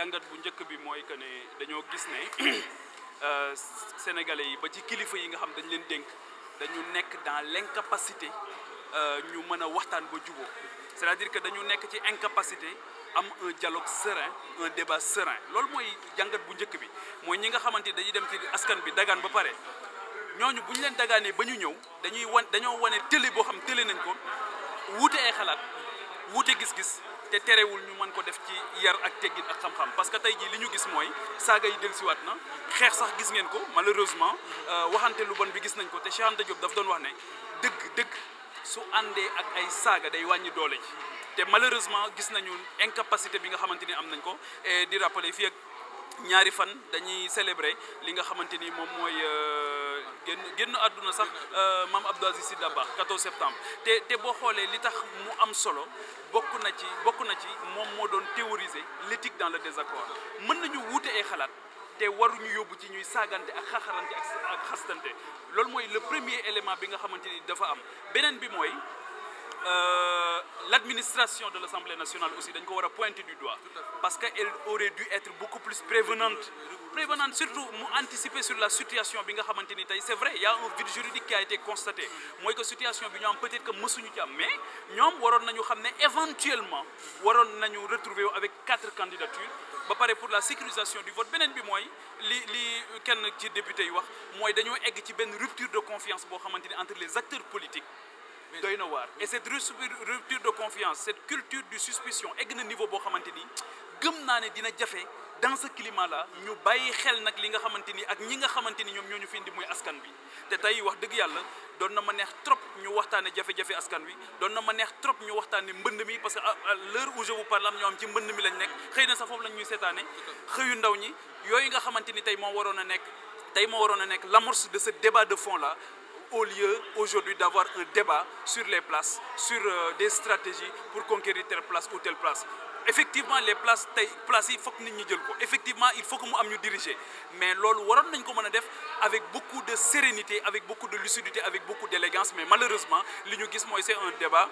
jàngat bu njëkk bi mooy que ne dañoo gis ne euh, sénégalais yi ba ci kilifa yi nga xam dañ leen dénk dañu nekk dans l'incapacité euh, ñu mën a waxtaan ba juboo c'est-à-dire que dañu nekk ci incapacité am un dialogue serein un débat serein loolu mooy jàngat bu njëkk bi mooy ñi nga xamante ni dañuy dem ci askan bi dagaan ba pare ñooñu bu ñu leen dagaanee ba ñu ñëw dañuy wan dañoo wane télé boo xam télé nañ ko wuute ay xalaat wuute gis-gis te terewul ñu man ko def ci yar ak teggit ak xam-xam parce que tey jii li ñu gis mooy saaga yi dellusiwaat na xeex sax gis ngeen ko malheureusement euh, waxante lu bon bi gis nañ ko te Cheikh Anta Diop daf doon wax ne dëgg dëkk su àndee ak ay saaga day wàññi doole ji te malheureusement gis nañu incapacité bi nga xamante ni am nañ ko et di rappeler fii ak ñaari fan dañuy célébrer li nga xamante ni moom mooy. Euh, génn génn àdduna sax euh, maam Abdou Aziz Sy Dabakh 14 septembre te te boo xoolee li tax mu am solo bokk na ci bokk na ci moom moo doon théoriser l'éthique dans le désaccord mën nañu wuute ay xalaat te waruñu yóbbu ci ñuy saagante ak xaxarante ak xastante loolu mooy le premier élément bi nga xamante ni dafa am beneen bi mooy euh, l'administration de l'Assemblée nationale aussi dañ ko war a pointer du doigt parce que elle aurait dû être beaucoup plus prévenante prévenante surtout mu anticiper sur la situation bi nga xamante ni tey c'est vrai il y a un vide juridique qui a été constaté mooy que situation bi ñu am peut mësuñu ci mais ñoom waroon nañu xam ne éventuellement waroon nañu retrouver avec quatre candidatures ba pare pour la sécurisation du vote beneen bi mooy li li kenn ci député yi wax mooy dañoo egg ci benn rupture de confiance boo xamante ni entre les acteurs politiques doy na waar et cette rupture de confiance cette culture du suspicion egg na niveau boo xamante ni gëm naa ne dina jafe dans ce climat la ñu bàyyi xel nag li nga xamante ni ak ñi nga xamante ni ñoom ñoo ñu fi indi muy askan bi te tey wax dëgg yàlla doon na ma neex trop ñu waxtaane jafe-jafe askan wi doon na ma neex trop ñu waxtaane mbënn mi parce que à l'heure où je ñoo am ci mbënd mi lañ nekk xëy na sa foofu lañ ñuy seetaane xëyu ndaw ñi yooyu nga xamante ni tey moo waroon a nekk tey moo waroon a nekk l'amorce de ce débat de fond la au lieu aujourd'hui d'avoir un débat sur les places sur euh, des stratégies pour conquérir place ou telle place effectivement les places tey places yi foog nit ñu jël ko effectivement il faut que mu am ñu diriger mais lool waroon nañ ko mën a def avec beaucoup de sérénité avec beaucoup de lucidité avec beaucoup d'élégance mais malheureusement li ñu gis mooy c'est un débat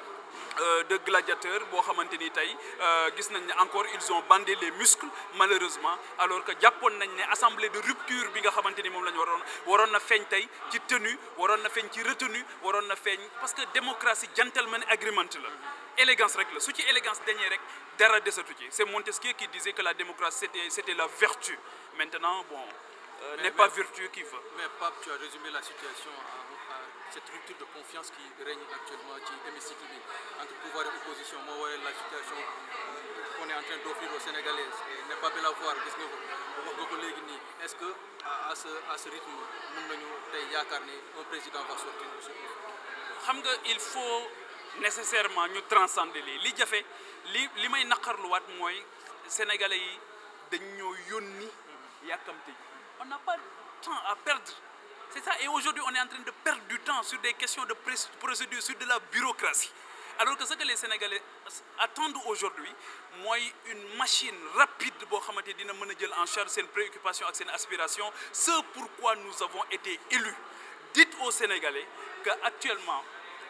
Euh, de gladiateurs boo xamante ni tey euh, gis nañ ne encore ils ont bandé les muscles malheureusement alors que jàppoon nañ ne assemblée de rupture bi nga xamante ni moom la ñu waroon waroon na feeñ tey ci tenue waroon na feeñ ci retenue waroon na feeñ parce que démocratie gentleman agreement la élégance rek la su ci élégance dañee rek dara desatu ci c'est Montesquieu qui disait que la démocratie c'était c'était la vertu maintenant bon euh, n'est pas vertueux qui veut. Mais Pape, tu as résumé la situation cette rupture de confiance qui règne actuellement ci MSC bi entre pouvoir et opposition moo waral la situation euh, qu'on est en train d'offrir aux Sénégalais et n'est pas belle à voir gis nga ko wax léegi nii est-ce que à ce à ce rythme mën nañu tey yaakaar ni un président va sortir de ce xam nga il faut nécessairement ñu transcender lii li jafe li li may naqarluwaat mooy sénégalais yi dañ ñoo yónni yàkkamte On n'a pas de temps à perdre. C'est ça. Et aujourd'hui, on est en train de perdre du temps sur des questions de procédure, sur de la bureaucratie. Alors que ce que les Sénégalais attendent aujourd'hui, moi, une machine rapide pour en charge ses préoccupations et ses aspirations, ce pourquoi nous avons été élus. Dites aux Sénégalais qu'actuellement,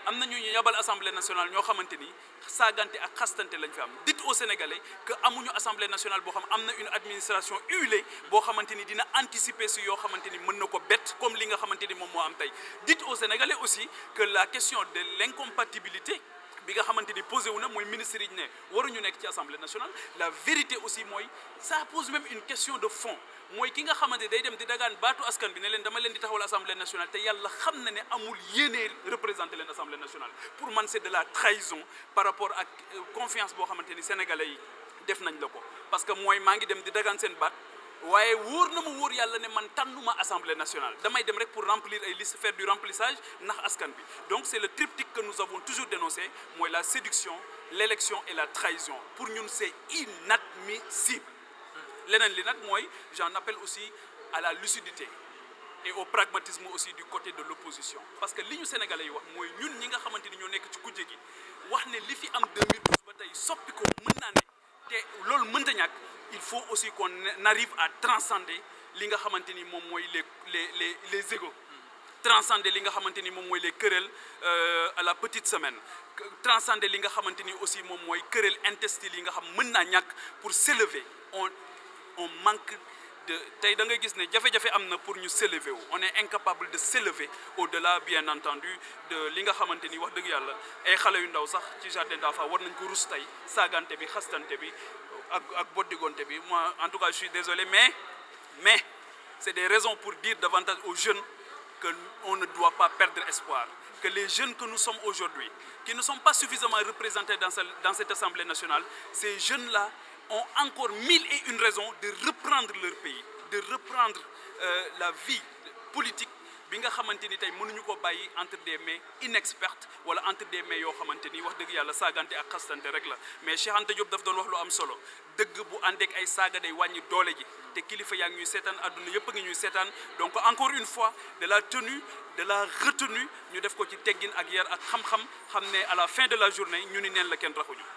am na ñu ñu yabal assemblée nationale ñoo xamante ni saagante ak xastante lañ fi am dites aux Sénégalais que amuñu assemblée nationale boo xam am na une administration huilée boo xamante ni dina anticiper si yoo xamante ni mën na ko bett comme li nga xamante ni moom moo am tey dites aux Sénégalais aussi que la question de l'incompatibilité bi nga xamante ni posé wu na mooy ministre yi ne waruñu nekk ci assemblée nationale la vérité aussi mooy ça pose même une question de fond mooy ki nga xamante day dem di dagaan baatu askan bi ne leen dama leen di taxawal assemblée nationale te yàlla xam na ne amul yéenee représenté leen assemblée nationale pour man c'est de la trahison par rapport ak euh, confiance boo xamante ni sénégalais def nañ la ko parce que mooy maa ngi dem di dagaan seen baat waaye wóor na ma wóor yàlla ne man tànnuma assemblée nationale damay dem rek pour remplir ay liste faire du remplissage ndax askan bi donc c' est le triptyque que nous avons toujours dénoncé mooy la séduction lélection et la trahison pour ñun se c' mi si leneen li nag mooy j'en appelle aussi à la lucidité et au pragmatisme aussi du côté de l'opposition parce que li ñu sénégalais yi wax mooy ñun ñi nga xamante ni ñoo nekk ci kujje gi wax ne li fi am ba tey soppi ko te loolu mënta ñàkk il faut aussi qu'on arrive à transcender li nga xamante ni moom mooy les les les les égos transcender li nga xamante ni moom mooy les querelles euh, à la petite semaine transcender li nga xamante ni aussi moom mooy querelles intestines yi nga xam mën naa ñàkk pour s'élever on on manque de tey da nga gis ne jafe-jafe am na pour ñu s'élever wu on est incapable de s'élever au-delà bien entendu de li nga xamante ni wax dëgg yàlla ay xale yu ndaw sax ci jardin d'enfants war nañ ko tey saagante bi xastante bi ak ak boddigonte bi moi en tout cas je suis désolé mais mais c'est des raisons pour dire davantage aux jeunes que on ne doit pas perdre espoir que les jeunes que nous sommes aujourd'hui qui ne sont pas suffisamment représentés dans cette, dans cette Assemblée nationale ces jeunes-là on encore mille et une raison de reprendre leur pays de reprendre euh, la vie politique bi nga xamante ni tey mënuñu ko bàyyi entre des mains inexpertes wala entre des mains yoo xamante ni wax dëgg yàlla saagante ak xastante rek la mais Cheikh Anta Diop daf doon wax lu am solo dëgg bu àndeek ay saaga day wàññi doole ji te kilifa yaa ngi ñuy seetaan àdduna yëpp a ngi ñuy seetaan donc encore une fois de la tenue de la ñu def ko ci teggin ak yar ak xam-xam xam ne à fin de la journée ñu ni neen la kenn raxuñu